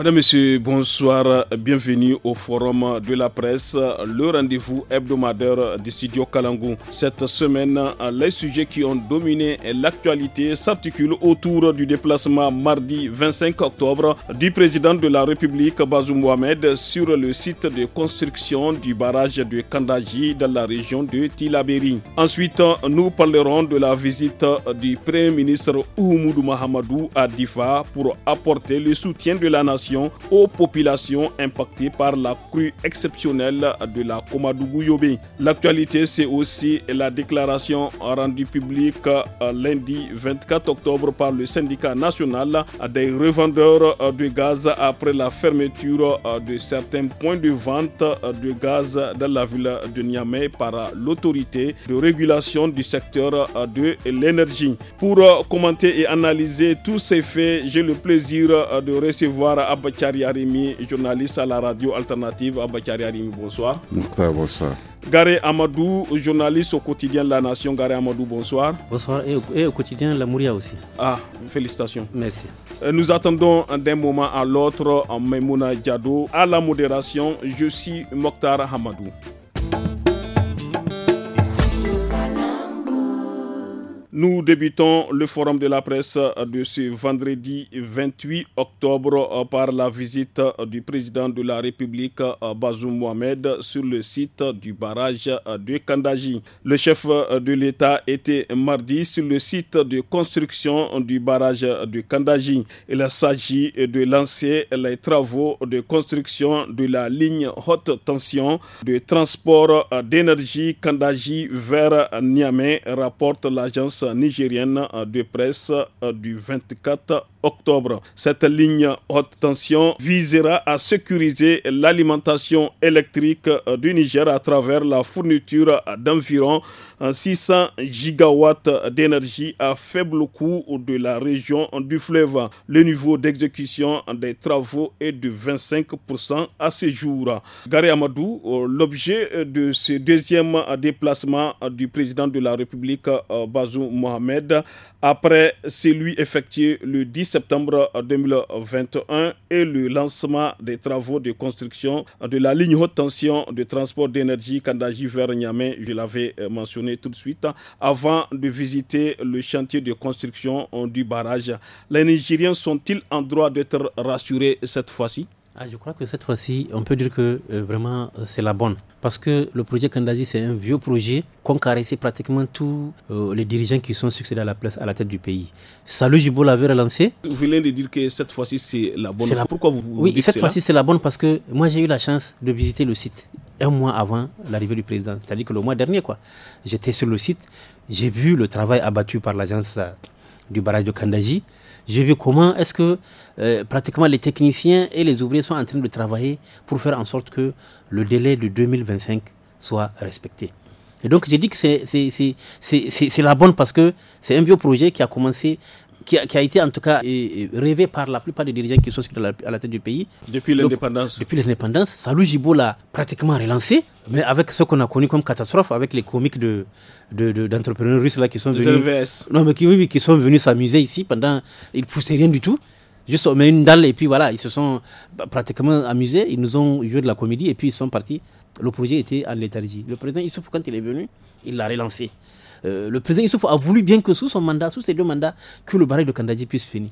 Madame, Monsieur, bonsoir. Bienvenue au Forum de la presse, le rendez-vous hebdomadaire du studio Kalangou. Cette semaine, les sujets qui ont dominé l'actualité s'articulent autour du déplacement mardi 25 octobre du président de la République, Bazoum Mohamed, sur le site de construction du barrage de Kandaji dans la région de Tilaberi. Ensuite, nous parlerons de la visite du Premier ministre Oumoudou Mahamadou à Difa pour apporter le soutien de la nation aux populations impactées par la crue exceptionnelle de la Komadougou Yobé. L'actualité, c'est aussi la déclaration rendue publique euh, lundi 24 octobre par le syndicat national des revendeurs euh, de gaz après la fermeture euh, de certains points de vente de gaz dans la ville de Niamey par l'autorité de régulation du secteur de l'énergie. Pour commenter et analyser tous ces faits, j'ai le plaisir de recevoir à Abakari Arimi, journaliste à la radio alternative. Abakari Arimi, bonsoir. Mokhtar, bonsoir. Garé Amadou, journaliste au quotidien La Nation. Garé Amadou, bonsoir. Bonsoir et au, quotidien La Mouria aussi. Ah, félicitations. Merci. Euh, nous attendons d'un moment à l'autre euh, Maimouna Diado à la modération. Je suis Mokhtar Amadou. Nous débutons le forum de la presse de ce vendredi 28 octobre euh, par la visite euh, du président de la République euh, Bazoum Mohamed sur le site du barrage de Kandaji. Le chef de l'État était mardi sur le site de construction du barrage de Kandaji. Il s'agit de lancer les travaux de construction de la ligne haute tension de transport d'énergie Kandaji vers Niamey, rapporte l'agence nigérienne de presse euh, du 24 octobre. Cette ligne haute tension visera à sécuriser l'alimentation électrique du Niger à travers la fourniture d'environ 600 gigawatts d'énergie à faible coût de la région du fleuve. Le niveau d'exécution des travaux est de 25% à ce jour. Gary Amadou, l'objet de ce deuxième déplacement du président de la République, Bazou Mohamed, après celui effectué le 10 septembre 2021 et le lancement des travaux de construction de la ligne haute tension de transport d'énergie Kandaji vers Niamey. Je l'avais euh, mentionné tout de suite avant de visiter le chantier de construction du barrage. Les Nigériens sont-ils en droit d'être rassurés cette fois-ci? Ah, je crois que cette fois-ci, on peut dire que euh, vraiment euh, c'est la bonne. Parce que le projet Kandaji, c'est un vieux projet qu'ont caressé pratiquement tous euh, les dirigeants qui sont succédés à la, place, à la tête du pays. Salut Jibo l'avait relancé. Vous venez de dire que cette fois-ci, c'est la bonne. La... Pourquoi vous, Oui, cette fois-ci, c'est la bonne parce que moi, j'ai eu la chance de visiter le site un mois avant l'arrivée du président, c'est-à-dire que le mois dernier, quoi. J'étais sur le site, j'ai vu le travail abattu par l'agence du barrage de Kandaji. J'ai vu comment est-ce que euh, pratiquement les techniciens et les ouvriers sont en train de travailler pour faire en sorte que le délai de 2025 soit respecté. Et donc j'ai dit que c'est la bonne parce que c'est un vieux projet qui a commencé qui a, été en tout cas euh, euh, rêvé par la plupart des dirigeants qui sont à la, tête du pays. Depuis l'indépendance. Depuis l'indépendance, Salou l'a pratiquement relancé, mais avec ce qu'on a connu comme catastrophe, avec les comiques de, d'entrepreneurs de, de, russes là qui sont venus. Non, mais qui, qui sont venus s'amuser ici pendant. Ils poussaient rien du tout. Juste, on met une dalle et puis voilà, ils se sont bah, pratiquement amusés. Ils nous ont joué de la comédie et puis ils sont partis. Le projet était en léthargie. Le président Issouf, quand il est venu, il l'a relancé. Euh, le président Issouf a voulu bien que sous son mandat, sous ses deux mandats, que le barrage de Kandaji puisse finir.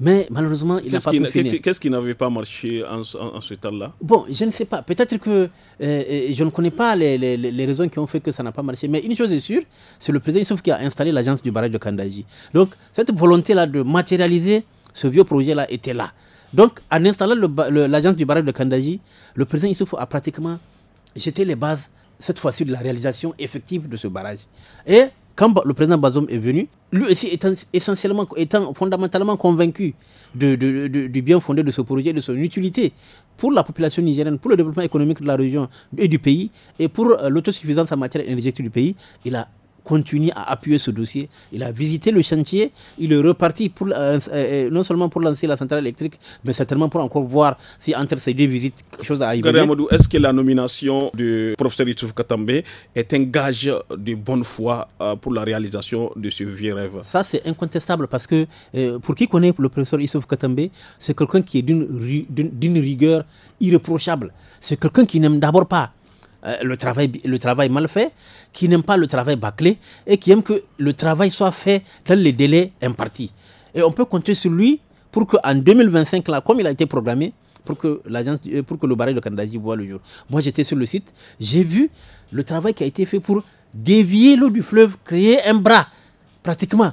Mais malheureusement, il n'a pas pu Qu'est-ce qui n'avait pas marché en, ce temps-là Bon, je ne sais pas. Peut-être que euh, euh, je ne connais pas les, les, les, raisons qui ont fait que ça n'a pas marché. Mais une chose est sûre, c'est le président Issouf qui a installé l'agence du barrage de Kandaji. Donc, cette volonté-là de matérialiser ce vieux projet-là était là. Donc, en installant l'agence du barrage de Kandaji, le président Issouf a pratiquement jeté les bases, cette fois-ci, de la réalisation effective de ce barrage. Et quand le président Bazoum est venu, lui aussi étant essentiellement, étant fondamentalement convaincu de, du bien fondé de ce projet, de son utilité pour la population nigérienne, pour le développement économique de la région et du pays, et pour euh, l'autosuffisance en matière énergétique du pays, il a continue à appuyer ce dossier. Il a visité le chantier, il est reparti pour, euh, non seulement pour lancer la centrale électrique, mais certainement pour encore voir si entre ces deux visites, quelque chose a évolué. est-ce que la nomination du professeur Issouf Katambe est un gage de bonne foi euh, pour la réalisation de ce vieux rêve Ça, c'est incontestable parce que euh, pour qui connaît le professeur Issouf Katambe, c'est quelqu'un qui est d'une rigueur irréprochable. C'est quelqu'un qui n'aime d'abord pas euh, le, travail, le travail mal fait, qui n'aime pas le travail bâclé et qui aime que le travail soit fait dans les délais impartis. Et on peut compter sur lui pour qu'en 2025, là, comme il a été programmé, pour que l'agence, euh, pour que le baril de candidature voit le jour. Moi, j'étais sur le site, j'ai vu le travail qui a été fait pour dévier l'eau du fleuve, créer un bras, pratiquement,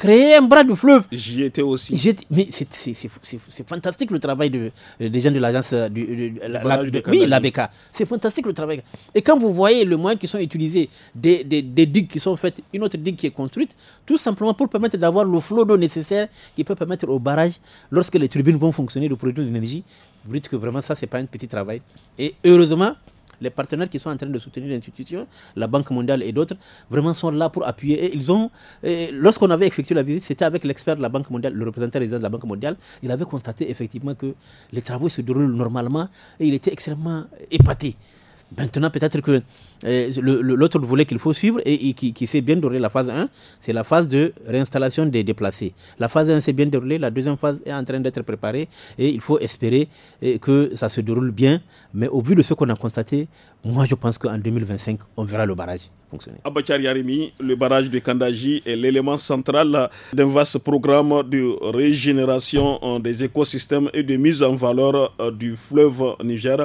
créer un bras du fleuve. J'y étais aussi. mais c'est fantastique le travail de, euh, des gens de l'agence euh, du, de, l'ABK. C'est fantastique le travail. Et quand vous voyez le moyen qui sont utilisés, des, des, digues qui sont faites, une autre digue qui est construite, tout simplement pour permettre d'avoir le flot d'eau nécessaire qui peut permettre au barrage, lorsque les turbines vont fonctionner, de produire de l'énergie. Vous dites que vraiment ça, c'est pas un petit travail. Et heureusement, les partenaires qui sont en train de soutenir l'institution, la Banque mondiale et d'autres, vraiment sont là pour appuyer. ils ont, lorsqu'on avait effectué la visite, c'était avec l'expert de la Banque mondiale, le représentant résident de la Banque mondiale, il avait constaté effectivement que les travaux se déroulent normalement et il était extrêmement épaté. Maintenant, peut-être que l'autre volet qu'il faut suivre et, qui, s'est bien déroulé la phase 1, c'est la phase de réinstallation des déplacés. La phase 1 s'est bien déroulée, la deuxième phase est en train d'être préparée et il faut espérer eh, que ça se déroule bien. Mais au vu de ce qu'on a constaté, moi je pense qu'en 2025, on verra le barrage fonctionner. Abachar le barrage de Kandaji est l'élément central d'un vaste programme de régénération euh, des écosystèmes et de mise en valeur euh, du fleuve Niger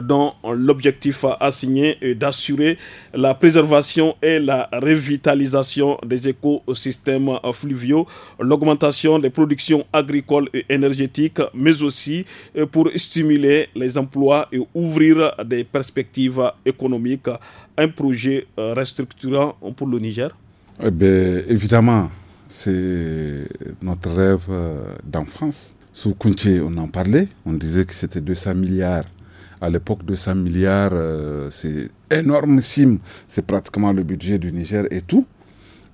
dont l'objectif assigné est d'assurer la préservation et la revitalisation des écosystèmes fluviaux, l'augmentation des productions agricoles et énergétiques, mais aussi euh, pour stimuler les emplois et ouvrir des perspectives économiques. Un projet euh, restructurant pour le Niger eh Évidemment, c'est notre rêve euh, d'enfance. Sous Kunche, on en parlait, on disait que c'était 200 milliards. À l'époque, 200 milliards, c'est énormissime. C'est pratiquement le budget du Niger et tout.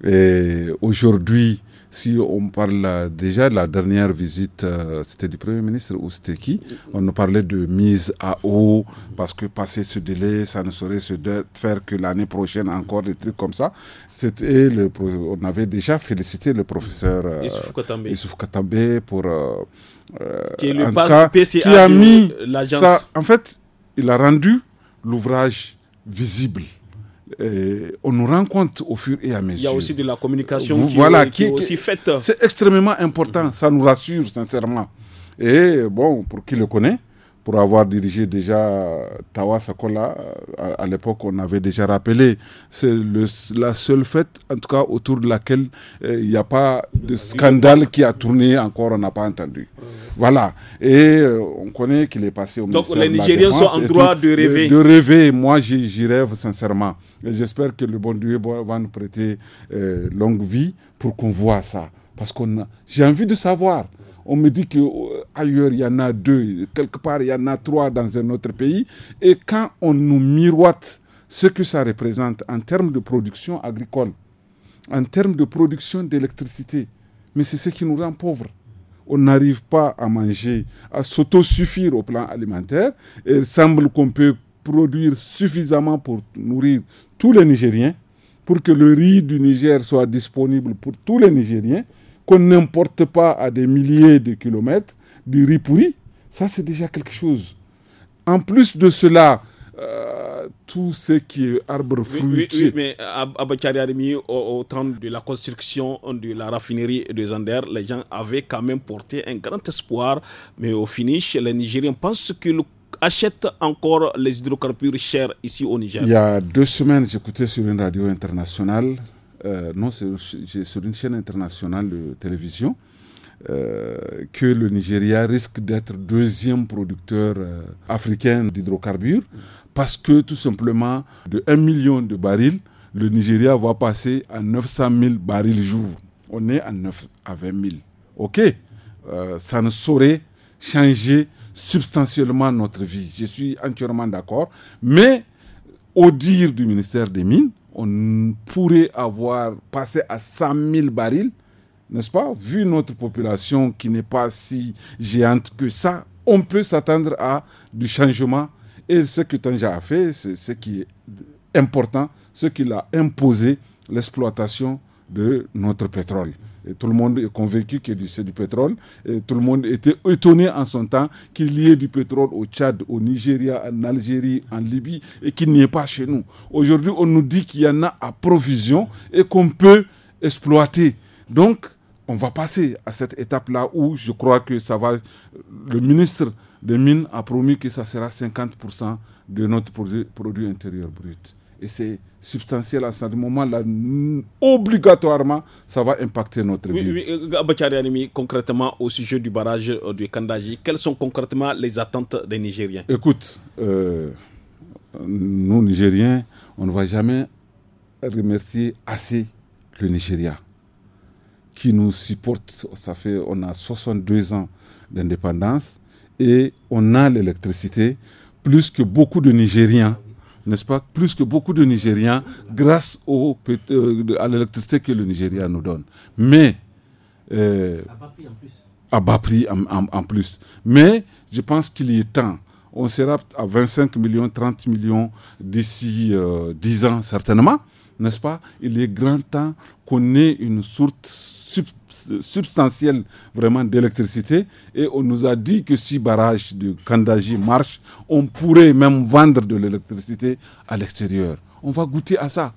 Et aujourd'hui, si on parle euh, déjà de la dernière visite, euh, c'était du Premier ministre ou c'était qui On nous parlait de mise à eau, parce que passer ce délai, ça ne saurait se faire que l'année prochaine encore des trucs comme ça. C'était le, on avait déjà félicité le professeur euh, Katambe pour. Euh, qui cas, qui a mis. Ça, en fait, il a rendu l'ouvrage visible. on nous rend compte au fur et à mesure. Il y a aussi de la communication qui, voilà, qui, qui est aussi faite. C'est extrêmement important, ça nous rassure sincèrement. Et bon, pour qui le connaît, pour avoir dirigé déjà euh, Tawa Sakola. Euh, à, l'époque, on avait déjà rappelé. C'est la seule fête, en tout cas, autour de laquelle euh, il n'y a pas de scandale qui a tourné encore, on n'a pas entendu. Voilà. Et on connaît qu'il est passé au Donc les Nigériens sont en droit de rêver. De, rêver. Moi, j'y rêve sincèrement. J'espère que le bon Dieu va nous prêter longue vie pour qu'on voit ça. Parce que j'ai envie de savoir on me dit que ailleurs il y en a deux, quelque part il y en a trois dans un autre pays. Et quand on nous miroite ce que ça représente en termes de production agricole, en termes de production d'électricité, mais c'est ce qui nous rend pauvres. On n'arrive pas à manger, à s'autosuffire au plan alimentaire. il semble qu'on peut produire suffisamment pour nourrir tous les Nigériens, pour que le riz du Niger soit disponible pour tous les Nigériens, qu'on n'importe pas à des milliers de kilomètres, du riz ça c'est déjà quelque chose. En plus de cela, euh, tout ce qui est arbre fruitier. Oui, mais à au, au, temps de la construction de la raffinerie de Zander, les gens avaient quand même porté un grand espoir. Mais au finish, les Nigériens pensent qu'ils achètent encore les hydrocarbures chers ici au Niger. Il y a deux semaines, j'écoutais sur une radio internationale, euh, non, sur une chaîne internationale de télévision, euh, que le Nigeria risque d'être deuxième producteur euh, africain d'hydrocarbures parce que tout simplement de 1 million de barils, le Nigeria va passer à 900 000 barils jour. On est à 9 à 20 000. OK euh, Ça ne saurait changer substantiellement notre vie. Je suis entièrement d'accord. Mais au dire du ministère des Mines, on pourrait avoir passé à 100 000 barils n'est-ce pas Vu notre population qui n'est pas si géante que ça, on peut s'attendre à du changement. Et ce que Tanja a fait, c'est ce qui est important, ce qu'il a imposé, l'exploitation de notre pétrole. Et tout le monde est convaincu que c'est du pétrole. Et tout le monde était étonné en son temps qu'il y ait du pétrole au Tchad, au Nigeria, en Algérie, en Libye, et qu'il n'y ait pas chez nous. Aujourd'hui, on nous dit qu'il y en a à provision et qu'on peut exploiter. Donc, on va passer à cette étape-là où je crois que ça va. Le ministre des Mines a promis que ça sera 50% de notre produit, intérieur brut. Et c'est substantiel à ce moment-là. Obligatoirement, ça va impacter notre oui, vie. Oui, euh, concrètement, au sujet du barrage euh, du Kandaji, quelles sont concrètement les attentes des Nigériens Écoute, euh, nous, Nigériens, on ne va jamais remercier assez le Nigeria qui nous supporte. Ça fait, on a 62 ans d'indépendance et on a l'électricité plus que beaucoup de Nigériens, n'est-ce pas Plus que beaucoup de Nigériens grâce au, euh, à l'électricité que le Nigeria nous donne. Mais... Euh, à bas prix en plus. À bas prix en, plus. Mais je pense qu'il y est temps. On sera à 25 millions, 30 millions d'ici 10 euh, ans certainement n'est-ce pas Il est grand temps qu'on ait une source substantielle vraiment d'électricité et on nous a dit que si barrage de Kandaji marche, on pourrait même vendre de l'électricité à l'extérieur. On va goûter à ça.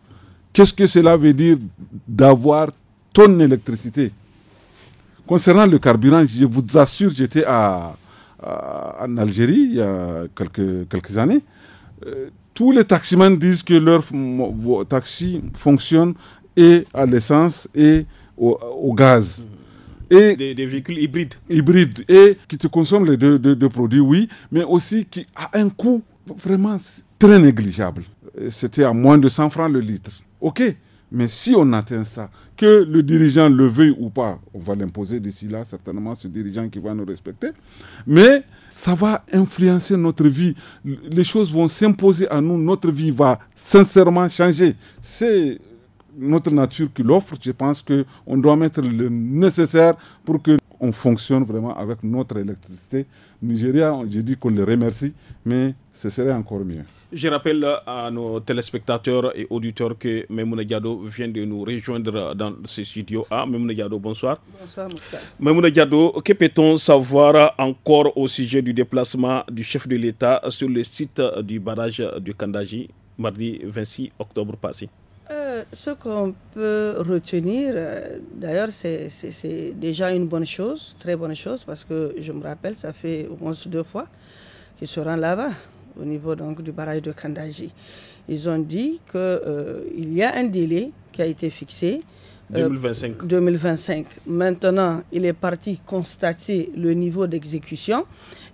Qu'est-ce que cela veut dire d'avoir tonne d'électricité Concernant le carburant, je vous assure, j'étais à, en Algérie il y a quelques, quelques années. Euh, tous les taximans disent que leur taxi fonctionne et à l'essence et au, gaz. Et des, véhicules hybrides. Hybrides et qui te consomment les deux produits, oui, mais aussi qui a un coût vraiment très négligeable. C'était à moins de 100 francs le litre. OK, mais si on atteint ça, que le dirigeant le veuille ou pas, on va l'imposer d'ici là, certainement ce dirigeant qui va nous respecter, mais ça va influencer notre vie. Les choses vont s'imposer à nous, notre vie va sincèrement changer. C'est notre nature qui l'offre. Je pense qu'on doit mettre le nécessaire pour que on fonctionne vraiment avec notre électricité. Nigeria, j'ai dit qu'on les remercie, mais ce serait encore mieux. Je rappelle à nos téléspectateurs et auditeurs que Memouna vient de nous rejoindre dans ce studio Ah, bonsoir. Bonsoir, Moukta. Memouna que peut-on savoir encore au sujet du déplacement du chef de l'État sur le site du barrage du Kandaji mardi 26 octobre passé euh, Ce qu'on peut retenir, euh, d'ailleurs, c'est déjà une bonne chose, très bonne chose, parce que je me rappelle, ça fait au moins deux fois qu'il se rend là-bas au niveau donc du barrage de Kandaji. Ils ont dit qu'il euh, y a un délai qui a été fixé. 2025. Euh, Maintenant, il est parti constater le niveau d'exécution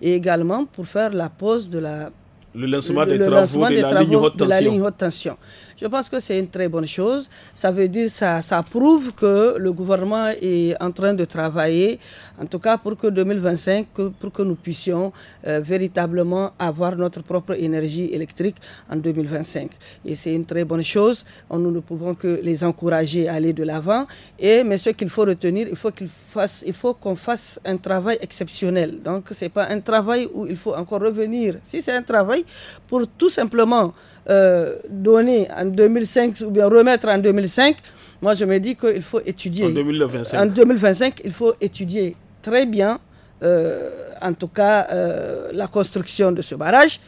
et également pour faire la pause de la le lancement, des, travaux des, travaux, de la, ligne haute tension. Je pense que c'est une très bonne chose. Ça veut dire ça, ça prouve que le gouvernement est en train de travailler, en tout cas pour que 2025, pour que nous puissions euh, véritablement avoir notre propre énergie électrique en 2025. Et c'est une très bonne chose. Nous ne pouvons que les encourager à aller de l'avant. Et mais ce qu'il faut retenir, il faut qu'il fasse, il faut qu'on fasse un travail exceptionnel. Donc c'est pas un travail où il faut encore revenir. Si c'est un travail pour tout simplement euh, donner en 2005 ou bien remettre en 2005, moi je me dis qu'il faut étudier. En 2025. il faut étudier très bien, euh, en tout cas, euh, la construction de ce barrage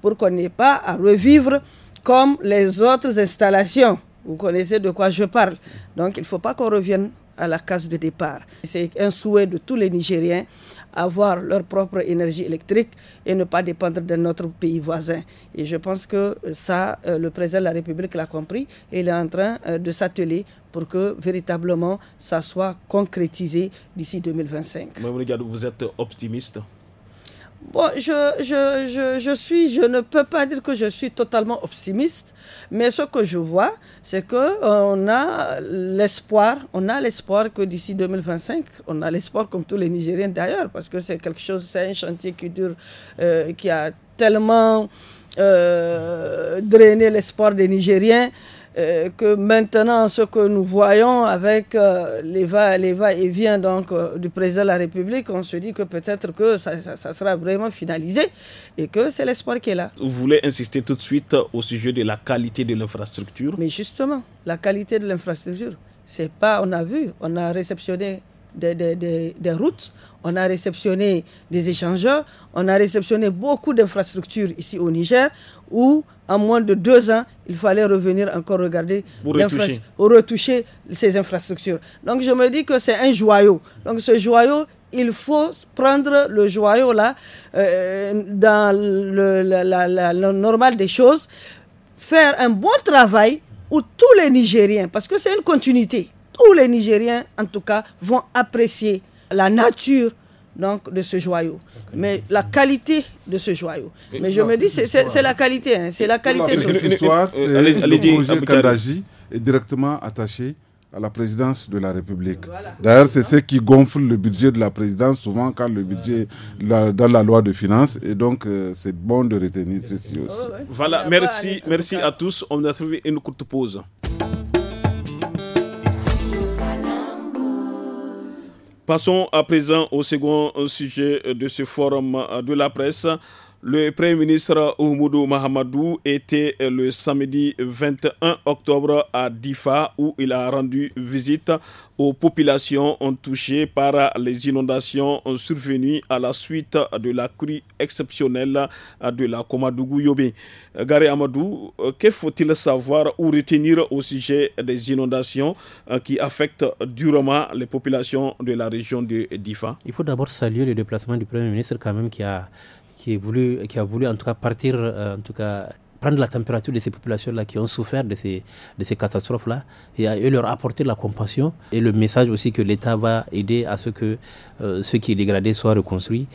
pour qu'on n'ait pas à revivre comme les autres installations. Vous connaissez de quoi je parle. Donc il ne faut pas qu'on revienne à la case de départ. C'est un souhait de tous les Nigériens avoir leur propre énergie électrique et ne pas dépendre d'un autre pays voisin. Et je pense que ça, euh, le président de la République l'a compris et il est en train euh, de s'atteler pour que véritablement ça soit concrétisé d'ici 2025. Vous êtes optimiste Bon, je, je, suis, je ne peux pas dire que je suis totalement optimiste, mais ce que je vois, c'est que euh, on a l'espoir, on a l'espoir que d'ici 2025, on a l'espoir comme tous les Nigériens d'ailleurs, parce que c'est quelque chose, c'est un chantier qui dure, euh, qui a tellement euh, drainé l'espoir des Nigériens. Euh, que maintenant, ce que nous voyons avec les va-et-vient va et vient donc euh, du président de la République, on se dit que peut-être que ça, ça, ça, sera vraiment finalisé et que c'est l'espoir qui est là. Vous voulez insister tout de suite au sujet de la qualité de l'infrastructure Mais justement, la qualité de l'infrastructure, c'est pas, on a vu, on a réceptionné des routes, on a réceptionné des échangeurs, on a réceptionné beaucoup d'infrastructures ici au Niger où, en moins de deux ans, il fallait revenir encore regarder, pour retoucher. ces infrastructures. Donc je me dis que c'est un joyau. Donc ce joyau, il faut prendre le joyau là euh, dans le, la, normal des choses, faire un bon travail où tous les Nigériens, parce que c'est une continuité tous les Nigériens, en tout cas, vont apprécier la nature donc, de ce joyau. Mais la qualité de ce joyau. Mais je me dis, c'est la qualité. c'est la qualité. L'histoire, c'est le projet Kandaji est directement attaché à la présidence de la République. D'ailleurs, c'est ce qui gonfle le budget de la présidence, souvent quand le budget ah. dans la loi de finances. Et donc, euh, c'est bon de retenir ceci oh, aussi. Voilà, merci, merci à tous. On a trouvé une courte pause. Passons à présent au second sujet de ce forum de la presse. Le Premier ministre Oumoudou Mahamadou était le samedi 21 octobre à Difa où il a rendu visite aux populations touchées par les inondations survenues à la suite de la crue exceptionnelle de la Komadougou Yobé. Gary Amadou, que faut-il savoir ou retenir au sujet des inondations qui affectent durement les populations de la région de Difa Il faut d'abord saluer le déplacement du Premier ministre quand même qui a qui, voulu, qui a voulu en tout cas partir, euh, en tout cas prendre la température de ces populations-là qui ont souffert de ces, de ces catastrophes-là et à eux leur apporter la compassion et le message aussi que l'État va aider à ce que euh, ce qui est dégradé soit reconstruit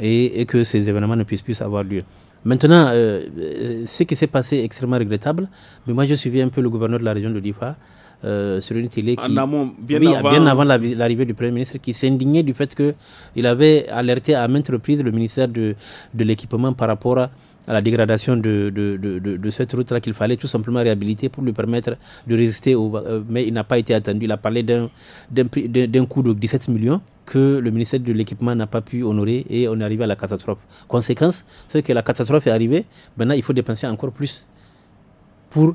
et, que ces événements ne puissent plus avoir lieu. Maintenant, euh, ce qui s'est passé est extrêmement regrettable, mais moi je suivi un peu le gouverneur de la région de l'IFA euh, sur une télé qui, bien, avant... l'arrivée du Premier ministre, qui s'indignait du fait qu'il avait alerté à maintes reprises le ministère de, de l'équipement par rapport à la dégradation de, de, de, cette route-là qu'il fallait tout simplement réhabiliter pour lui permettre de résister. Au, euh, mais il n'a pas été attendu. Il a parlé d'un coût de 17 millions que le ministère de l'équipement n'a pas pu honorer et on est arrivé à la catastrophe. Conséquence, c'est que la catastrophe est arrivée. Maintenant, il faut dépenser encore plus pour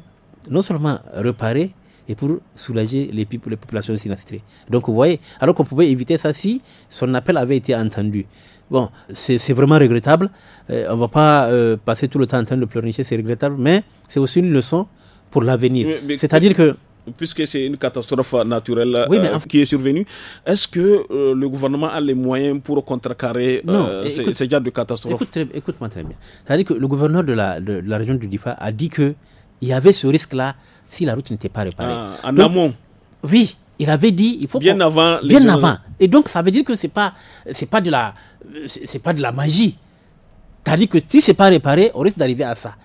non seulement réparer, et pour soulager les, les populations sinistrées. Donc vous voyez, alors qu'on pouvait éviter ça si son appel avait été entendu. Bon, c'est vraiment regrettable. Euh, on ne va pas euh, passer tout le temps en train de pleurnicher, c'est regrettable, mais c'est aussi une leçon pour l'avenir. C'est-à-dire que puisque c'est une catastrophe naturelle euh, qui est survenue, est-ce que le gouvernement a les moyens pour contrecarrer euh, ces genres de catastrophe Écoute-moi écoute très bien. C'est-à-dire que le gouverneur de la, de la région du Difa a dit qu'il y avait ce risque-là si la route n'était pas réparée. Ah, en amont Oui, il avait dit, il faut bien avant. bien avant. Et donc ça veut dire que c'est pas, c'est pas de la, c'est pas de la magie. tu as que si c'est pas réparé, on risque d'arriver à ça.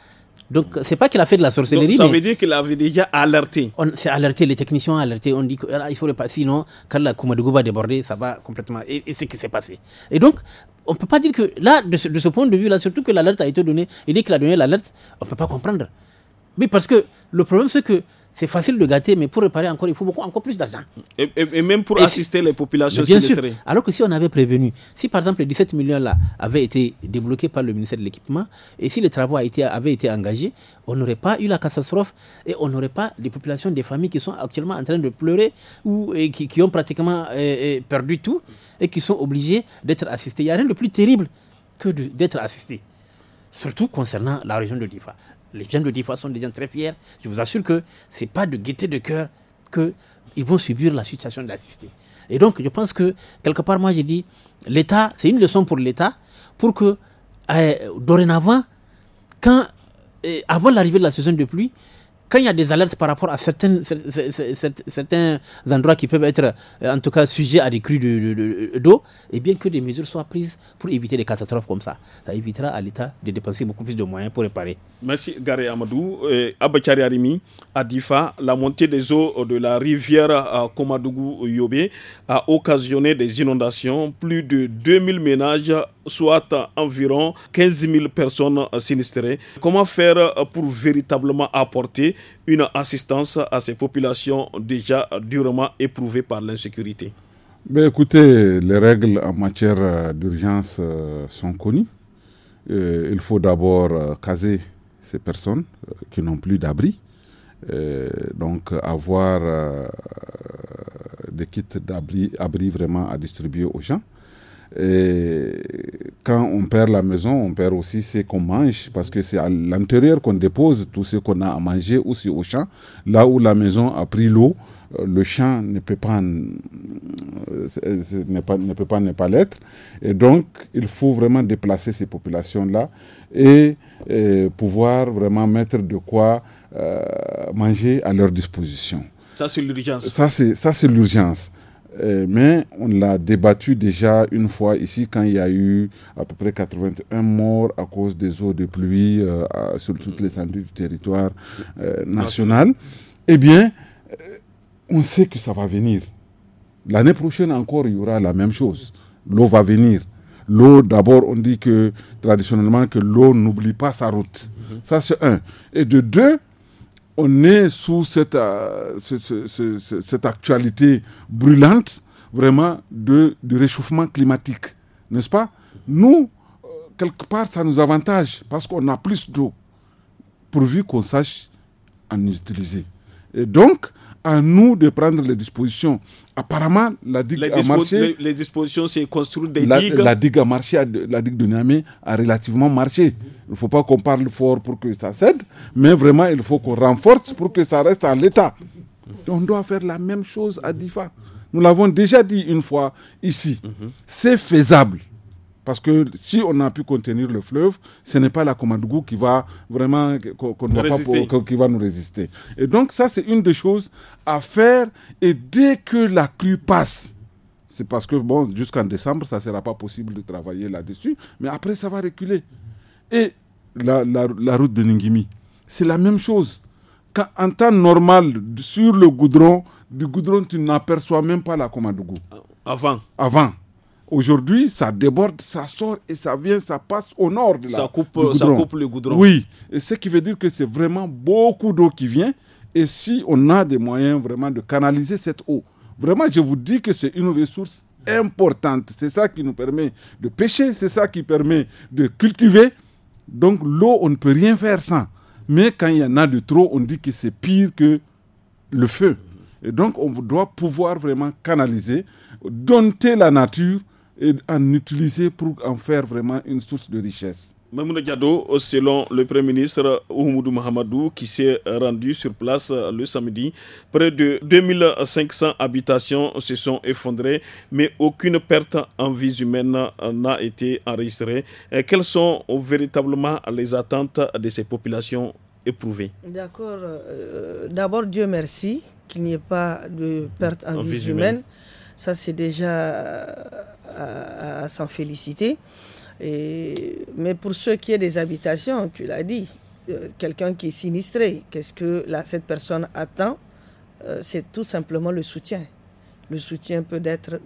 Donc c'est pas qu'il a fait de la sorcellerie. ça veut dire qu'il avait déjà alerté. On s'est alerté, les techniciens ont alerté. On dit qu'il ah, faut réparer, sinon quand la Koumadougou va déborder, ça va complètement. Et, c'est ce qui s'est passé. Et donc on peut pas dire que là, de ce, point de vue là, surtout que l'alerte a été donnée, il dit qu'il a donné l'alerte, on peut pas comprendre. Oui, parce que le problème, c'est que c'est facile de gâter, mais pour réparer encore, il faut beaucoup, encore plus d'argent. Et, même pour assister les populations Alors que si on avait prévenu, si par exemple les 17 millions-là avaient été débloqués par le ministère de l'Équipement, et si les travaux avaient été engagés, on n'aurait pas eu la catastrophe et on n'aurait pas les populations des familles qui sont actuellement en train de pleurer ou qui, ont pratiquement euh, euh, perdu tout et qui sont obligées d'être assistées. Il n'y a rien de plus terrible que d'être assisté. Surtout concernant la région de Difa. Les gens de fois sont des gens très fiers. Je vous assure que ce n'est pas de gaieté de cœur qu'ils vont subir la situation d'assister. Et donc, je pense que, quelque part, moi, j'ai dit, l'État, c'est une leçon pour l'État, pour que, eh, dorénavant, quand, eh, avant l'arrivée de la saison de pluie, quand il y a des alertes par rapport à certains, certains endroits qui peuvent être, euh, en tout cas, sujets à des crues d'eau, et eh bien que des mesures soient prises pour éviter des catastrophes comme ça. Ça évitera à l'État de dépenser beaucoup plus de moyens pour réparer. Merci, Gary Amadou. Abachari Arimi, Adifa, la montée des eaux de la rivière euh, Komadougou-Yobé a occasionné des inondations. Plus de 2000 ménages soit environ 15 000 personnes sinistrées. Comment faire pour véritablement apporter une assistance à ces populations déjà durement éprouvées par l'insécurité ben, Écoutez, les règles en matière euh, d'urgence euh, sont connues. Euh, il faut d'abord caser ces personnes qui n'ont plus d'abri. donc avoir des kits d'abri abri vraiment à distribuer aux gens. Et quand on perd la maison, on perd aussi ce qu'on mange, parce que c'est à l'intérieur qu'on dépose tout ce qu'on a à manger, aussi au champ. Là où la maison a pris l'eau, euh, le champ ne peut pas euh, ne, pas, ne peut pas ne pas l'être. Et donc, il faut vraiment déplacer ces populations-là et, pouvoir vraiment mettre de quoi euh, manger à leur disposition. Ça, c'est l'urgence. Ça, c'est l'urgence. Euh, mais on l'a débattu déjà une fois ici quand il y a eu à peu près 81 morts à cause des eaux de pluie euh, sur toute mhm. l'étendue du territoire euh, national. Eh bien, on sait que ça va venir. L'année prochaine encore, il y aura la même chose. L'eau va venir. L'eau, d'abord, on dit que traditionnellement que l'eau n'oublie pas sa route. Mhm. Ça, c'est un. Et de deux, on est sous euh, cette, actualité brûlante vraiment de, du réchauffement climatique, n'est-ce pas Nous, euh, quelque part, ça nous avantage parce qu'on a plus d'eau, pourvu qu'on sache en utiliser. Et donc, à nous de prendre les dispositions. Apparemment, la digue les a marché. dispositions, c'est construire des digues. La digue marché, la digue de Niamey a relativement marché. Il ne faut pas qu'on parle fort pour que ça cède, mais vraiment, il faut qu'on renforce pour que ça reste en l'état. On doit faire la même chose à Difa. Nous l'avons déjà dit une fois ici. Mhm. C'est faisable. Parce que si on a pu contenir le fleuve, ce n'est pas la Komadougou qui va vraiment, qui va nous résister. Et donc ça, c'est une des choses à faire. Et dès que la crue passe, c'est parce que bon, jusqu'en décembre, ça ne sera pas possible de travailler là-dessus, mais après, ça va reculer. Et la, route de Ningimi, c'est la même chose. en temps normal, sur le goudron, du goudron, tu n'aperçois même pas la Komadougou. Avant. Avant. Aujourd'hui, ça déborde, ça sort et ça vient, ça passe au nord de la, ça coupe, Ça coupe le goudron. Oui, et ce qui veut dire que c'est vraiment beaucoup d'eau qui vient. Et si on a des moyens vraiment de canaliser cette eau, vraiment, je vous dis que c'est une ressource importante. C'est ça qui nous permet de pêcher, c'est ça qui permet de cultiver. Donc l'eau, on ne peut rien faire sans. Mais quand il y en a de trop, on dit que c'est pire que le feu. Et donc on doit pouvoir vraiment canaliser, dompter la nature et en utiliser pour en faire vraiment une source de richesse. Mamouna Diado, selon le Premier ministre Oumoudou Mahamadou, qui s'est rendu sur place euh, le samedi, près de 2500 habitations se sont effondrées, mais aucune perte en vie humaine n'a été enregistrée. Euh, quelles sont véritablement les attentes de ces populations éprouvées D'accord. Euh, d'abord, Dieu merci qu'il n'y ait pas de perte en, vie, humaine. Ça, c'est déjà à, s'en féliciter. mais pour ceux qui ont des habitations, tu l'as dit, euh, quelqu'un qui est sinistré, qu'est-ce que cette personne attend euh, C'est tout simplement le soutien. Le soutien peut être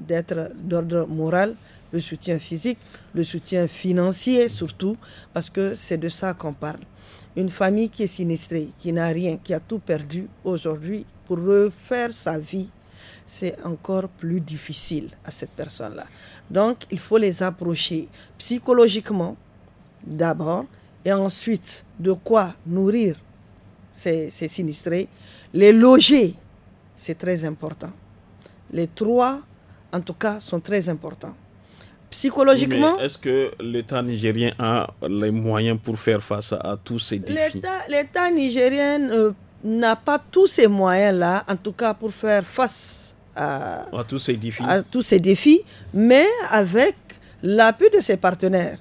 d'ordre moral, le soutien physique, le soutien financier surtout, parce que c'est de ça qu'on parle. Une famille qui est sinistrée, qui n'a rien, qui a tout perdu aujourd'hui pour refaire sa vie, c'est encore plus difficile à cette personne-là. Donc, il faut les approcher psychologiquement d'abord et ensuite de quoi nourrir ces, sinistrés, les loger, c'est très important. Les trois, en tout cas, sont très importants psychologiquement. Est-ce que l'État nigérien a les moyens pour faire face à tous ces défis L'État nigérien euh, n'a pas tous ces moyens-là, en tout cas pour faire face à, tous ces défis. tous ces défis, mais avec l'appui de ses partenaires,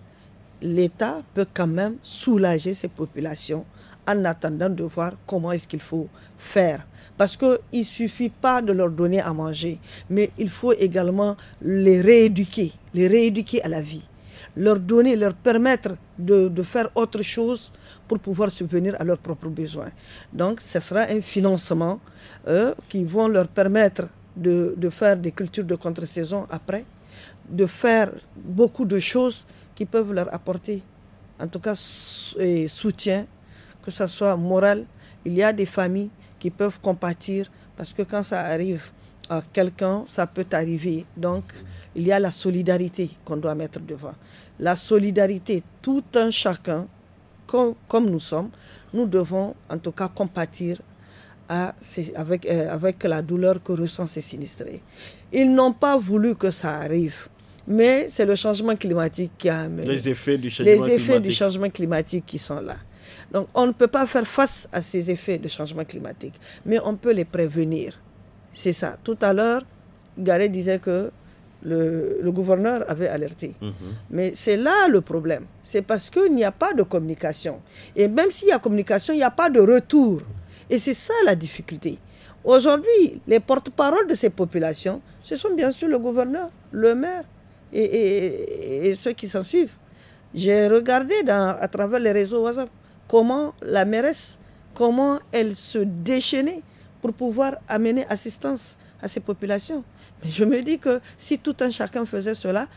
l'État peut quand même soulager ses populations en attendant de voir comment est-ce qu'il faut faire. Parce qu'il ne suffit pas de leur donner à manger, mais il faut également les rééduquer, les rééduquer à la vie, leur donner, leur permettre de, de faire autre chose pour pouvoir subvenir à leurs propres besoins. Donc ce sera un financement euh, qui vont leur permettre de, de faire des cultures de contre-saison après, de faire beaucoup de choses qui peuvent leur apporter, en tout cas, soutien, que ce soit moral. Il y a des familles qui peuvent compatir parce que quand ça arrive à quelqu'un, ça peut arriver. Donc, il y a la solidarité qu'on doit mettre devant. La solidarité, tout un chacun, comme nous sommes, nous devons en tout cas compatir avec, euh, avec la douleur que ressent ces sinistrés. Ils n'ont pas voulu que ça arrive. Mais c'est le changement climatique qui a amené. Les effets du changement climatique. Les effets du changement climatique qui sont là. Donc on ne peut pas faire face à ces effets de changement climatique, mais on peut les prévenir. C'est ça. Tout à l'heure, Garé disait que le, gouverneur avait alerté. Mhm. Mais c'est là le problème. C'est parce qu'il n'y a pas de communication. Et même s'il y a communication, il n'y a pas de retour. Et c'est ça la difficulté. Aujourd'hui, les porte-parole de ces populations, ce sont bien sûr le gouverneur, le maire et, ceux qui s'en suivent. J'ai regardé dans, à travers les réseaux WhatsApp comment la mairesse, comment elle se déchaînait pour pouvoir amener assistance à ces populations. Mais je me dis que si tout un chacun faisait cela,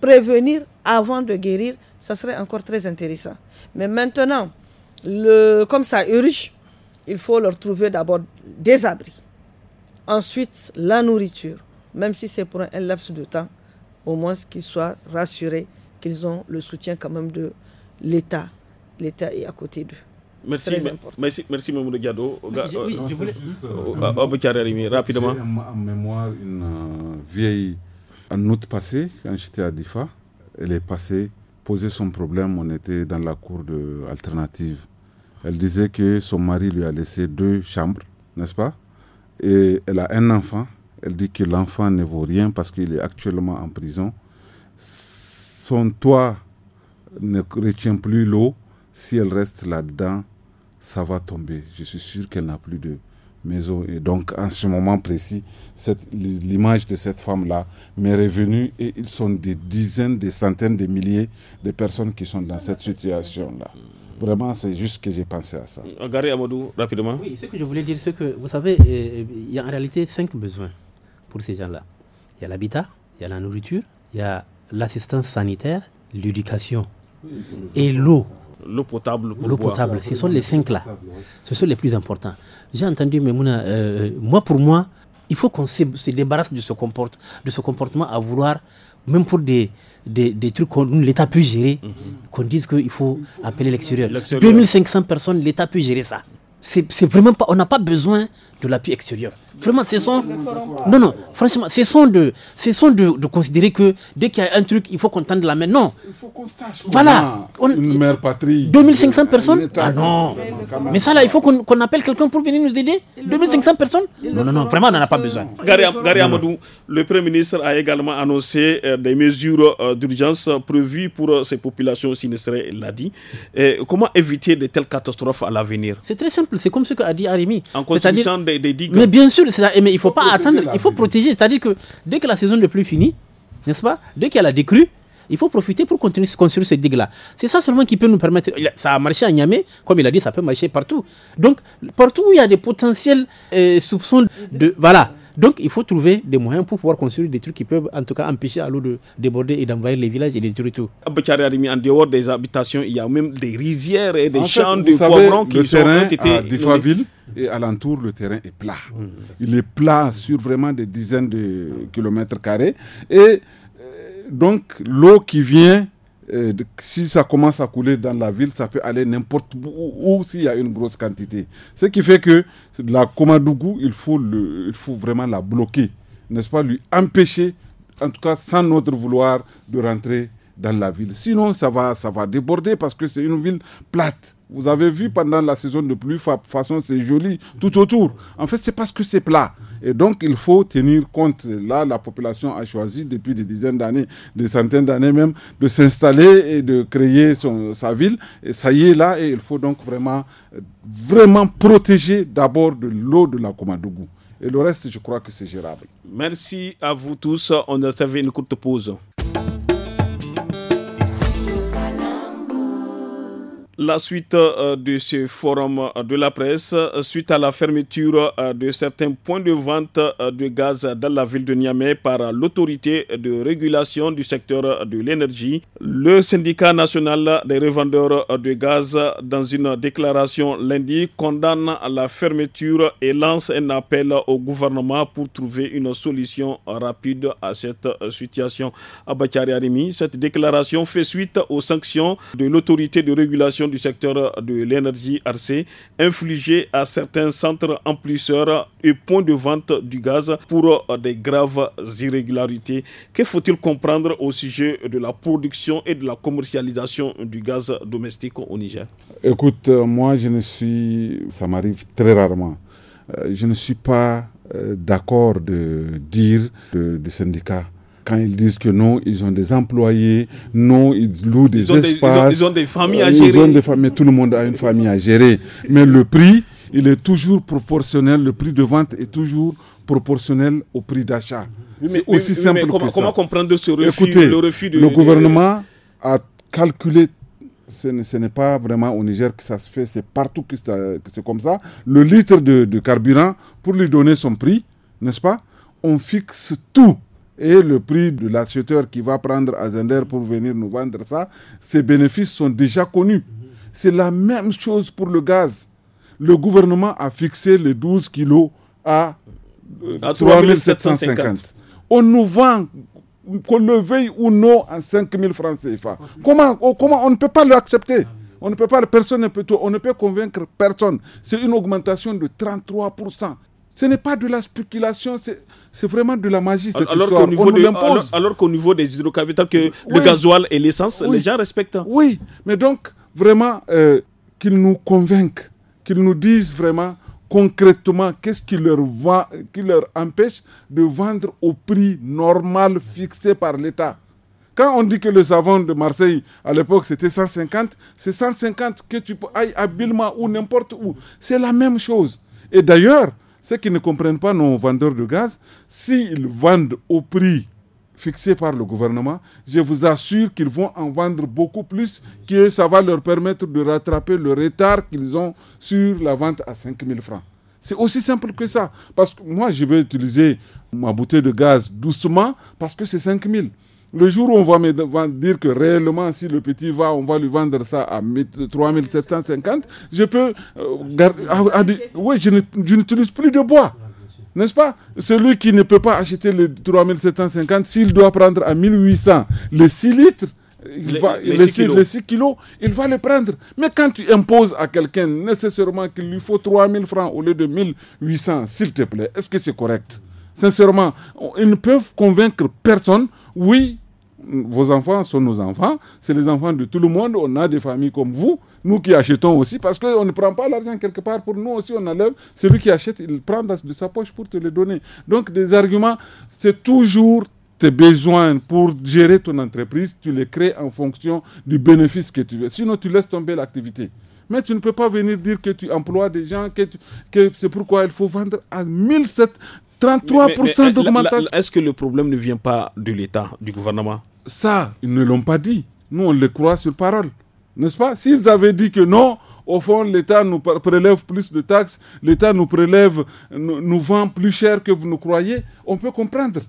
prévenir avant de guérir, ça serait encore très intéressant. Mais maintenant, le, comme ça urge, il faut leur trouver d'abord des abris. Ensuite, la nourriture, même si c'est pour un laps de temps, au moins qu'ils soient rassurés qu'ils ont le soutien quand même de l'État. L'État est à côté d'eux. Merci, merci, merci, Mamoudou Gado. Oui, euh, je, voulais. Euh, euh, rapidement. En, mémoire une vieille. En août passé, quand j'étais à Difa, elle est passée, poser son problème. On était dans la cour de alternative elle disait que son mari lui a laissé deux chambres, n'est-ce pas Et elle a un enfant. Elle dit que l'enfant ne vaut rien parce qu'il est actuellement en prison. Son toit ne retient plus l'eau. Si elle reste là-dedans, ça va tomber. Je suis sûr qu'elle n'a plus de et donc, en ce moment précis, l'image de cette femme-là m'est revenue et ils sont des dizaines, des centaines, des milliers de personnes qui sont dans cette situation-là. Vraiment, c'est juste que j'ai pensé à ça. Gary Amadou, rapidement. Oui, ce que je voulais dire, c'est que, vous savez, euh, il y a en réalité cinq besoins pour ces gens-là. Il y a l'habitat, il y a la nourriture, il y a l'assistance sanitaire, l'éducation et l'eau l'eau potable pour L'eau potable, ce sont les cinq là. Ce sont les plus importants. J'ai entendu, mais Mouna, euh, euh, moi pour moi, il faut qu'on se, débarrasse de ce, comporte, de ce comportement à vouloir, même pour des, des, trucs que l'État peut gérer, mhm. qu'on dise qu'il faut appeler l'extérieur. 2500 personnes, l'État peut gérer ça. C'est vraiment pas, on n'a pas besoin de l'appui extérieur. Vraiment, ce sont. Non, non, franchement, ce sont de, ce sont de, considérer que dès qu'il y a un truc, il faut qu'on tende la main. Non. Il faut qu'on sache. Voilà. Une mère patrie. 2500 personnes Ah non. Mais ça, là, il faut qu'on appelle quelqu'un pour venir nous aider. 2500 personnes Non, non, non, vraiment, on n'en a pas besoin. Gary Amadou, le Premier ministre a également annoncé euh, des mesures euh, d'urgence prévues pour euh, ces populations sinistrées, il l'a dit. comment éviter de telles catastrophes à l'avenir C'est très simple, c'est comme ce qu'a dit Arimi. En des, digues. Mais bien sûr, mais il faut, faut pas attendre, il faut protéger. C'est-à-dire que dès que la saison de pluie finit, n'est-ce pas Dès qu'elle a la décrue, il faut profiter pour continuer à construire ces digues-là. C'est ça seulement qui peut nous permettre. Ça a marché à Niamey, comme il a dit, ça peut marcher partout. Donc, partout où il y a des potentiels euh, soupçons de. Voilà. Donc il faut trouver des moyens pour pouvoir construire des trucs qui peuvent en tout cas empêcher à l'eau de déborder et d'envahir les villages et les tout. En dehors des habitations, il y a même des rizières et des champs de poivrons qui le sont terrain à Diffaville et alentour, le terrain est plat. Il est plat sur vraiment des dizaines de kilomètres carrés. Et euh, donc l'eau qui vient euh, si ça commence à couler dans la ville, ça peut aller n'importe où, s'il y a une grosse quantité. Ce qui fait que la Komadougou, il faut, il faut vraiment la bloquer, n'est-ce pas, lui empêcher, en tout cas sans notre vouloir, de rentrer dans la ville. Sinon, ça va, ça va déborder parce que c'est une ville plate. Vous avez vu pendant la saison de pluie, toute façon c'est joli tout autour. En fait, c'est parce que c'est plat. Et donc, il faut tenir compte. Là, la population a choisi depuis des dizaines d'années, des centaines d'années même, de s'installer et de créer son, sa ville. Et ça y est là, et il faut donc vraiment, euh, vraiment protéger d'abord de l'eau de la Comadougou Et le reste, je crois que c'est gérable. Merci à vous tous. On a fait une courte pause. La suite euh, de ce forum euh, de la presse, euh, suite à la fermeture de certains points de vente de gaz dans la ville de Niamey par l'autorité de régulation du secteur de l'énergie, le syndicat national des revendeurs de gaz, dans une déclaration lundi, condamne la fermeture et lance un appel au gouvernement pour trouver une solution rapide à cette situation. Abakari Arimi, cette déclaration fait suite aux sanctions de l'autorité de régulation du secteur de l'énergie RC infligé à certains centres emplisseurs et points de vente du gaz pour euh, des graves irrégularités. Que faut-il comprendre au sujet de la production et de la commercialisation du gaz domestique au Niger Écoute, euh, moi je ne suis, ça m'arrive très rarement, euh, je ne suis pas d'accord de dire du syndicat quand ils disent que non, ils ont des employés, non, ils louent des espaces. ils, ont, des familles à gérer. tout le monde a une famille à gérer. Mais le prix, il est toujours proportionnel, le prix de vente est toujours proportionnel au prix d'achat. C'est aussi simple que ça. Comment comprendre ce refus, le gouvernement a calculé ce n'est pas vraiment au Niger que ça se fait, c'est partout que, c'est comme ça. Le litre de, de, carburant, pour lui donner son prix, n'est-ce pas On fixe tout et le prix de l'acheteur qui va prendre à Zender pour venir nous vendre ça, ces bénéfices sont déjà connus. C'est la même chose pour le gaz. Le gouvernement a fixé les 12 kilos à, euh, à 3750. On nous vend, qu'on le veuille ou non, à 5000 francs CFA. Comment, oh, comment on ne peut pas l'accepter on ne peut pas, personne ne peut, on ne peut convaincre personne. C'est une augmentation de 33%. Ce n'est pas de la spéculation, c'est vraiment de la magie. Cette alors qu'au niveau, des hydrocarbures, que le gasoil et l'essence, les gens respectent. Oui, mais donc vraiment euh, qu'ils nous convainquent, qu'ils nous disent vraiment concrètement qu'est-ce qui leur, va, qui leur empêche de vendre au prix normal fixé par l'État. Quand on dit que le savon de Marseille, à l'époque, c'était 150, c'est 150 que tu peux ailles habilement ou n'importe où. C'est la même chose. Et d'ailleurs, ceux qui ne comprennent pas nos vendeurs de gaz, s'ils vendent au prix fixé par le gouvernement, je vous assure qu'ils vont en vendre beaucoup plus, que ça va leur permettre de rattraper le retard qu'ils ont sur la vente à 5 000 francs. C'est aussi simple que ça. Parce que moi, je vais utiliser ma bouteille de gaz doucement parce que c'est 5 000. Le jour où on va me dire que réellement, si le petit va, on va lui vendre ça à 3750, je peux euh, ah, ah, oui, je n'utilise plus de bois. N'est-ce pas Celui qui ne peut pas acheter le 3750, s'il doit prendre à 1800 les 6 litres, les, 6 kilos. kilos, il va les prendre. Mais quand tu imposes à quelqu'un nécessairement qu'il lui faut 3000 francs au lieu de 1800, s'il te plaît, est-ce que c'est correct Sincèrement, ils ne peuvent convaincre personne. Oui, vos enfants sont nos enfants, c'est les enfants de tout le monde, on a des familles comme vous, nous qui achetons aussi, parce qu'on ne prend pas l'argent quelque part, pour nous aussi on enlève, celui qui achète, il prend de sa poche pour te le donner. Donc des arguments, c'est toujours tes besoins pour gérer ton entreprise, tu les crées en fonction du bénéfice que tu veux. Sinon, tu laisses tomber l'activité. Mais tu ne peux pas venir dire que tu emploies des gens, que, que c'est pourquoi il faut vendre à 1733% d'augmentation. Est-ce que le problème ne vient pas de l'État, du gouvernement ça, ils ne l'ont pas dit. Nous, on les croit sur parole. N'est-ce pas S'ils avaient dit que non, au fond, l'État nous prélève plus de taxes, l'État nous prélève, nous, vend plus cher que vous nous croyez, on peut comprendre.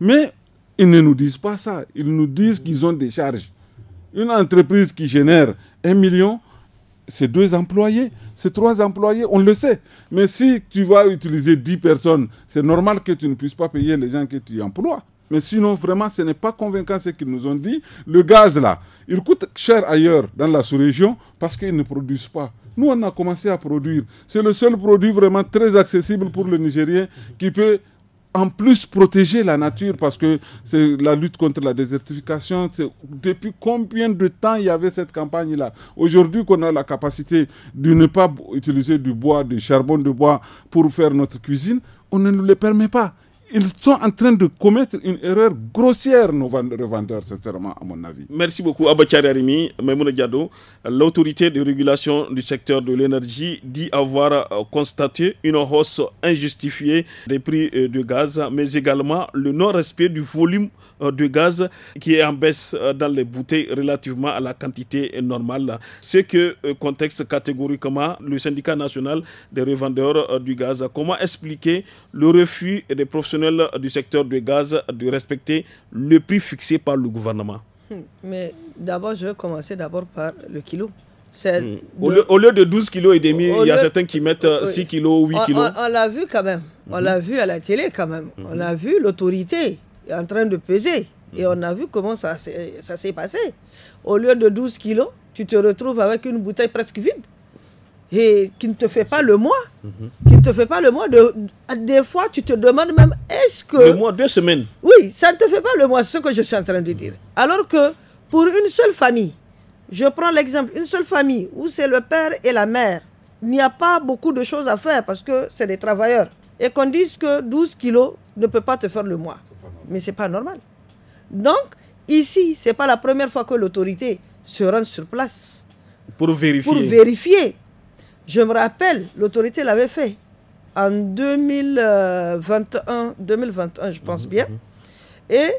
Mais ils ne nous disent pas ça. Ils nous disent qu'ils ont des charges. Une entreprise qui génère un million, c'est deux employés, c'est trois employés, on le sait. Mais si tu vas utiliser dix personnes, c'est normal que tu ne puisses pas payer les gens que tu emploies. Mais sinon, vraiment, ce n'est pas convaincant ce qu'ils nous ont dit. Le gaz, là, il coûte cher ailleurs dans la sous-région parce qu'ils ne produisent pas. Nous, on a commencé à produire. C'est le seul produit vraiment très accessible pour le Nigérien qui peut en plus protéger la nature parce que c'est la lutte contre la désertification. Depuis combien de temps il y avait cette campagne-là Aujourd'hui qu'on a la capacité de ne pas utiliser du bois, du charbon de bois pour faire notre cuisine, on ne nous le permet pas ils sont en train de commettre une erreur grossière, nos revendeurs, sincèrement, à mon avis. Merci beaucoup, Abachari Arimi, Diado. L'autorité de régulation du secteur de l'énergie dit avoir euh, constaté une hausse injustifiée des prix euh, de gaz, mais également le non-respect du volume euh, de gaz qui est en baisse euh, dans les bouteilles relativement à la quantité normale. C'est que euh, contexte catégoriquement le syndicat national des revendeurs du gaz. Comment expliquer le refus des professionnels du secteur du gaz de respecter le prix fixé par le gouvernement hmm, Mais d'abord, je vais commencer d'abord par le kilo. Hmm. Au, lieu, de 12 kg et demi, il y a certains qui mettent 6 kg, 8 kg. On, l'a vu quand même. On l'a hmm. vu à la télé quand même. On a vu l'autorité en train de peser. Et mm. on a vu comment ça, ça s'est passé. Au lieu de 12 kilos, tu te retrouves avec une bouteille presque vide et qui ne te fait pas le mois. Mhm. Qui ne te fait pas le mois. De, des fois, tu te demandes même est-ce que. Le mois, deux semaines. Oui, ça ne te fait pas le mois, ce que je suis en train de dire. Alors que pour une seule famille, je prends l'exemple, une seule famille où c'est le père et la mère, il n'y a pas beaucoup de choses à faire parce que c'est des travailleurs. Et qu'on dise que 12 kilos ne peut pas te faire le mois mais ce n'est pas normal. Donc, ici, ce n'est pas la première fois que l'autorité se rend sur place. Pour vérifier. Pour vérifier. Je me rappelle, l'autorité l'avait fait en 2021, 2021 je pense mhm, bien. Mhm. Et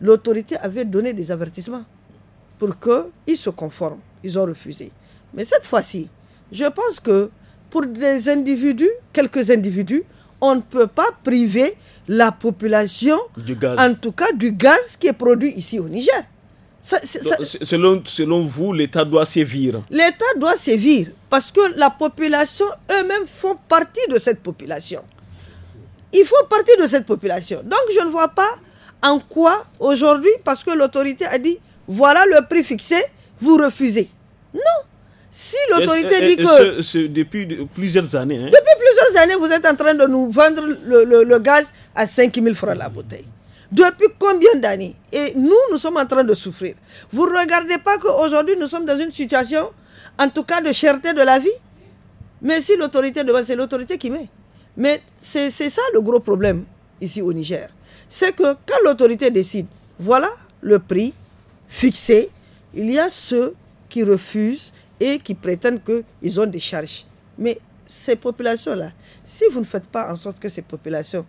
l'autorité avait donné des avertissements pour qu'ils se conforment. Ils ont refusé. Mais cette fois-ci, je pense que pour des individus, quelques individus, on ne peut pas priver la population, en tout cas du gaz qui est produit ici au Niger. selon, selon vous, l'État doit sévir L'État doit sévir parce que la population, eux-mêmes font partie de cette population. Ils font partie de cette population. Donc je ne vois pas en quoi aujourd'hui, parce que l'autorité a dit, voilà le prix fixé, vous refusez. Non, si l'autorité dit que... depuis plusieurs années. Hein? Depuis plusieurs années, vous êtes en train de nous vendre le, gaz à 5 000 francs la bouteille. Depuis combien d'années Et nous, nous sommes en train de souffrir. Vous ne regardez pas qu'aujourd'hui, nous sommes dans une situation, en tout cas, de cherté de la vie. Mais si l'autorité devant, c'est l'autorité qui met. Mais c'est ça le gros problème ici au Niger. C'est que quand l'autorité décide, voilà le prix fixé, il y a ceux qui refusent et qui prétendent qu'ils ont des charges. Mais ces populations-là, si vous ne faites pas en sorte que ces populations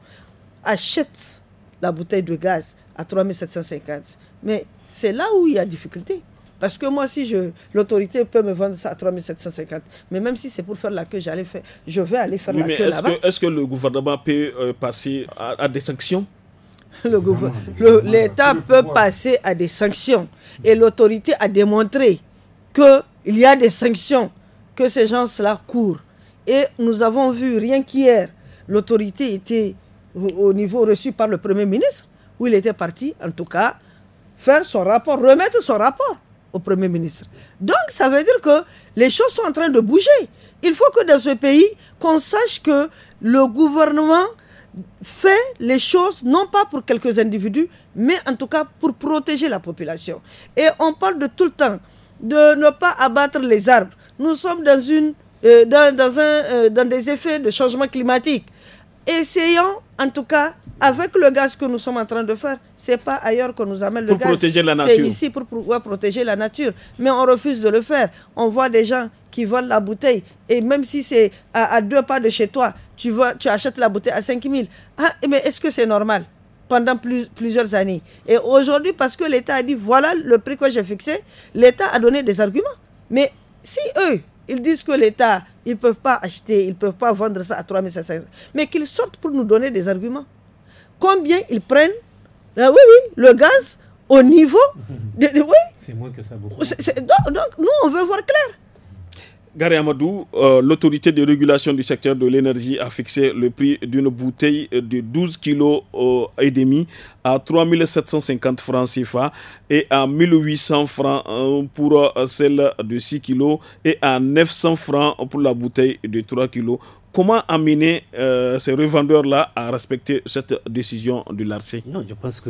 achètent la bouteille de gaz à 3750, mais c'est là où il y a difficulté. Parce que moi, si je, l'autorité peut me vendre ça à 3750, mais même si c'est pour faire la queue, j'allais faire, je vais aller faire la queue là-bas. Est-ce que le gouvernement peut euh, passer à des sanctions L'État peut passer à des sanctions. Et l'autorité a démontré que il y a des sanctions que ces gens-là courent. Et nous avons vu, rien qu'hier, l'autorité était au niveau reçu par le Premier ministre, où il était parti, en tout cas, faire son rapport, remettre son rapport au Premier ministre. Donc, ça veut dire que les choses sont en train de bouger. Il faut que dans ce pays, qu'on sache que le gouvernement fait les choses non pas pour quelques individus, mais en tout cas pour protéger la population. Et on parle de tout le temps de ne pas abattre les arbres. Nous sommes dans, une, euh, dans, un, euh, dans des effets de changement climatique. Essayons, en tout cas, avec le gaz que nous sommes en train de faire, c'est pas ailleurs qu'on nous amène le pour gaz. protéger la nature. C'est ici pour pouvoir protéger la nature. Mais on refuse de le faire. On voit des gens qui volent la bouteille. Et même si c'est à, deux pas de chez toi, tu, vois, tu achètes la bouteille à 5000 000. Ah, mais est-ce que c'est normal pendant plusieurs années. Et aujourd'hui, parce que l'État a dit voilà le prix que j'ai fixé, l'État a donné des arguments. Mais si eux, ils disent que l'État, ils ne peuvent pas acheter, ils ne peuvent pas vendre ça à 3500, mais qu'ils sortent pour nous donner des arguments. Combien ils prennent euh, Oui, oui, le gaz au niveau. De, oui. C'est moins que ça, beaucoup. donc, nous, on veut voir clair. Gary Amadou, euh, l'autorité de régulation du secteur de l'énergie a fixé le prix d'une bouteille de 12 kg euh, et demi à 3750 francs CFA et à 1800 francs euh, pour celle de 6 kg et à 900 francs pour la bouteille de 3 kg. Comment amener ces revendeurs-là à respecter cette décision de l'ARC Non, je pense que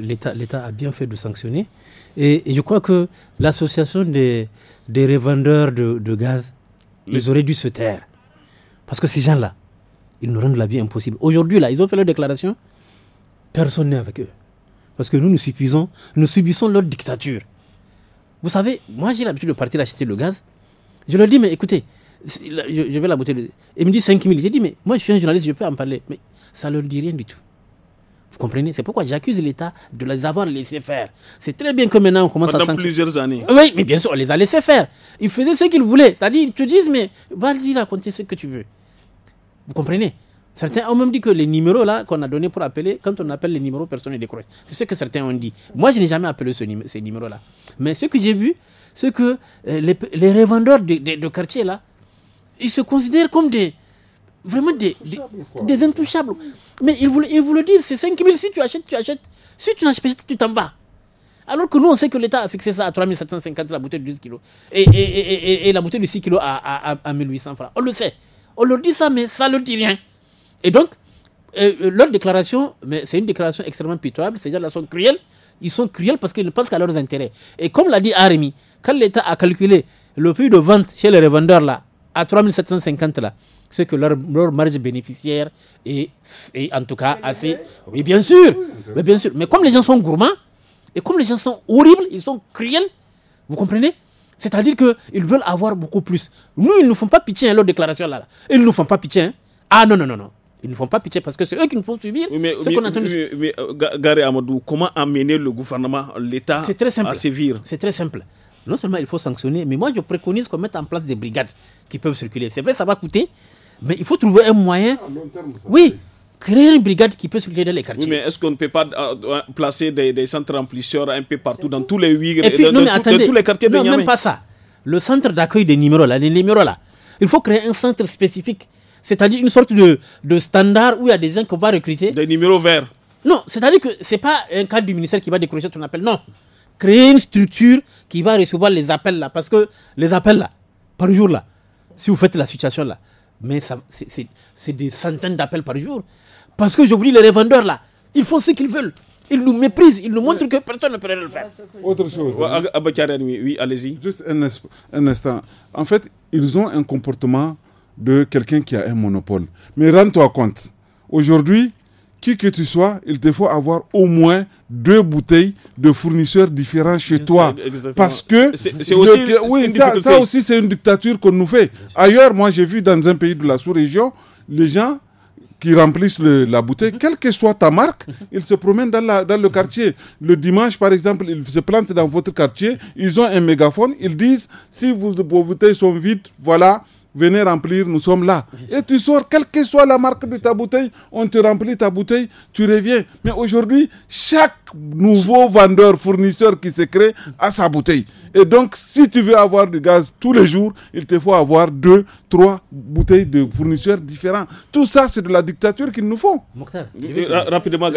l'État a bien fait de sanctionner et, je crois que l'association des, revendeurs de, gaz, ils auraient dû se taire. Parce que ces gens-là, ils nous rendent la vie impossible. Aujourd'hui, là, ils ont fait leur déclaration. Personne n'est avec eux. Parce que nous, nous subissons, nous subissons leur dictature. Vous savez, moi, j'ai l'habitude de partir acheter le gaz. Je leur dis, mais écoutez, je, vais la bouteille. Ils me disent 5 000. J'ai dit, mais moi, je suis un journaliste, je peux en parler. Mais ça ne leur dit rien du tout comprenez C'est pourquoi j'accuse l'État de les avoir laissés faire. C'est très bien que maintenant on commence Pendant à... Pendant plusieurs années. Oui, mais bien sûr, on les a laissés faire. Ils faisaient ce qu'ils voulaient. C'est-à-dire, ils te disent, mais vas-y, raconter ce que tu veux. Vous comprenez Certains ont même dit que les numéros là qu'on a donné pour appeler, quand on appelle les numéros, personne ne décroche. C'est ce que certains ont dit. Moi, je n'ai jamais appelé ce ces numéros là. Mais ce que j'ai vu, c'est que euh, les, revendeurs de, de, quartier là, ils se considèrent comme des, Vraiment des, intouchables. Mais ils vous, le disent, c'est 5 000, si tu achètes, tu achètes. Si tu n'achètes pas, tu t'en vas. Alors que nous, on sait que l'État a fixé ça à 3 750, la bouteille de 10 kg et, et, la bouteille de 6 kg à, à, à 1800 francs. On le sait. On leur dit ça, mais ça ne leur dit rien. Et donc, euh, euh, leur déclaration, mais c'est une déclaration extrêmement pitoyable. Ces gens-là sont cruels. Ils sont cruels parce qu'ils ne pensent qu'à leurs intérêts. Et comme l'a dit Arémi, quand l'État a calculé le prix de vente chez les revendeurs là, à 3750 là, c'est que leur, marge bénéficiaire est, en tout cas assez. Oui, bien sûr, mais bien sûr. Mais comme les gens sont gourmands et comme les gens sont horribles, ils sont cruels, vous comprenez C'est-à-dire qu'ils veulent avoir beaucoup plus. Nous, ils ne nous font pas pitié à hein, leur déclaration là. Ils ne nous font pas pitié. Hein. Ah non, non, non, non. Ils ne nous font pas pitié parce que c'est eux qui nous font subir mais, euh, Amadou, comment amener le gouvernement, l'État à sévir C'est très simple non seulement il faut sanctionner, mais moi je préconise qu'on mette en place des brigades qui peuvent circuler. C'est vrai, ça va coûter, mais il faut trouver un moyen. Ah, oui. Créer une brigade qui peut circuler dans les quartiers. Oui, mais est-ce qu'on ne peut pas euh, euh, placer des, centres remplisseurs un peu partout, dans tous les huit, dans, non, dans, tous les quartiers de Non, même pas ça. Le centre d'accueil des numéros, là, les numéros là, il faut créer un centre spécifique, c'est-à-dire une sorte de, de standard où il y a des gens qu'on va recruter. Des numéros verts. Non, c'est-à-dire que ce n'est pas un cadre du ministère qui va décrocher ton appel. Non. Créer une structure qui va recevoir les appels là. Parce que les appels là, par jour là, si vous faites la situation là, mais c'est des centaines d'appels par jour. Parce que je vous dis, les revendeurs là, ils font ce qu'ils veulent. Ils nous méprisent, ils nous montrent que personne ne peut le faire. Autre chose. Oui, oui allez-y. Juste un, un, instant. En fait, ils ont un comportement de quelqu'un qui a un monopole. Mais rends-toi compte. Aujourd'hui, qui que tu sois, il te faut avoir au moins deux bouteilles de fournisseurs différents chez toi. Parce que... ça, aussi, c'est une dictature qu'on nous fait. Ailleurs, moi, j'ai vu dans un pays de la sous-région, les gens qui remplissent la bouteille, quelle que soit ta marque, ils se promènent dans, le quartier. Le dimanche, par exemple, ils se plantent dans votre quartier, ils ont un mégaphone, ils disent, si vos bouteilles sont vides, voilà, venez remplir, nous sommes là. Et tu sors, quelle que soit la marque de ta bouteille, on te remplit ta bouteille, tu reviens. Mais aujourd'hui, chaque nouveau vendeur, fournisseur qui se crée a sa bouteille. Et donc, si tu veux avoir du gaz tous les jours, il te faut avoir deux, trois bouteilles de fournisseurs différents. Tout ça, c'est de la dictature qu'ils nous font. Mokhtar, euh, rapidement,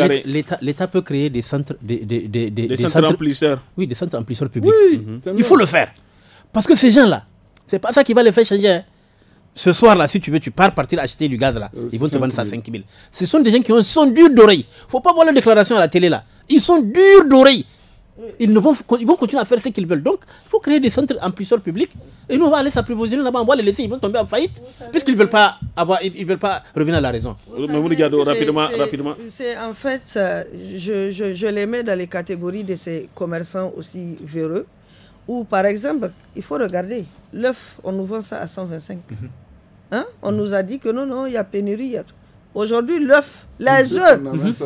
L'État peut créer des centres, des, des, des, des centres, centres, Oui, des centres remplisseurs publics. Mhm. Il faut le faire. Parce que ces gens-là, c'est pas ça qui va les faire changer. Hein ce soir-là, si tu veux, tu pars partir acheter du gaz là. Euh, ils vont te vendre ça à 5 000. Ce sont des gens qui sont durs d'oreille. Faut pas voir leurs déclarations à la télé là. Ils sont durs d'oreille. Ils, vont, vont continuer à faire ce qu'ils veulent. Donc, il faut créer des centres en puissance publique. Et nous, on va aller s'approvisionner là-bas. On va les laisser. Ils vont tomber en faillite. Puisqu'ils ne veulent, pas avoir, ils veulent pas revenir à la raison. Mais rapidement. rapidement. C'est en fait, euh, je, les mets dans les catégories de ces commerçants aussi véreux. Ou par exemple, il faut regarder. L'œuf, on nous vend ça à 125. Hein? On nous a dit que non, non, il y a pénurie, Aujourd'hui, l'œuf, les œufs,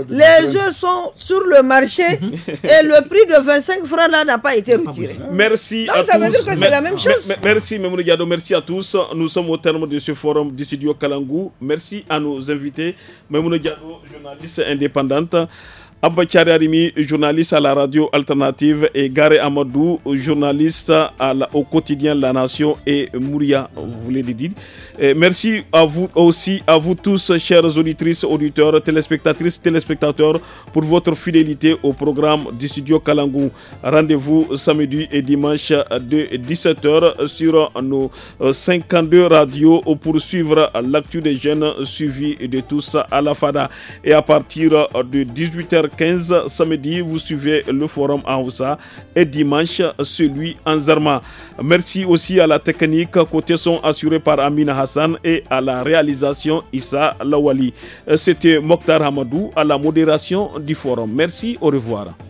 les œufs sont sur le marché et le prix de 25 francs là n'a pas été retiré. Merci Donc, ça veut dire que c'est la même chose. Merci Memoun Gado, merci à tous. Nous sommes au terme de ce forum du studio Kalangou. Merci à nos invités. Memoun Diado, journaliste indépendante. Abba Arimi, journaliste à la radio alternative, et Garé Amadou, journaliste au quotidien La Nation et Mouria, vous voulez le dire. merci à vous aussi, à vous tous, chers auditrices, auditeurs, téléspectatrices, téléspectateurs, pour votre fidélité au programme du studio Kalangou. Rendez-vous samedi et dimanche de 17h sur nos 52 euh, radios pour suivre l'actu des jeunes suivis de tous à la FADA. Et à partir de 18h, 15 samedi, vous suivez le forum en et dimanche, celui en Zerma. Merci aussi à la technique, côté son assuré par Amina Hassan et à la réalisation Issa Lawali. Euh, c'était Mokhtar Hamadou à la modération du forum. Merci, au revoir.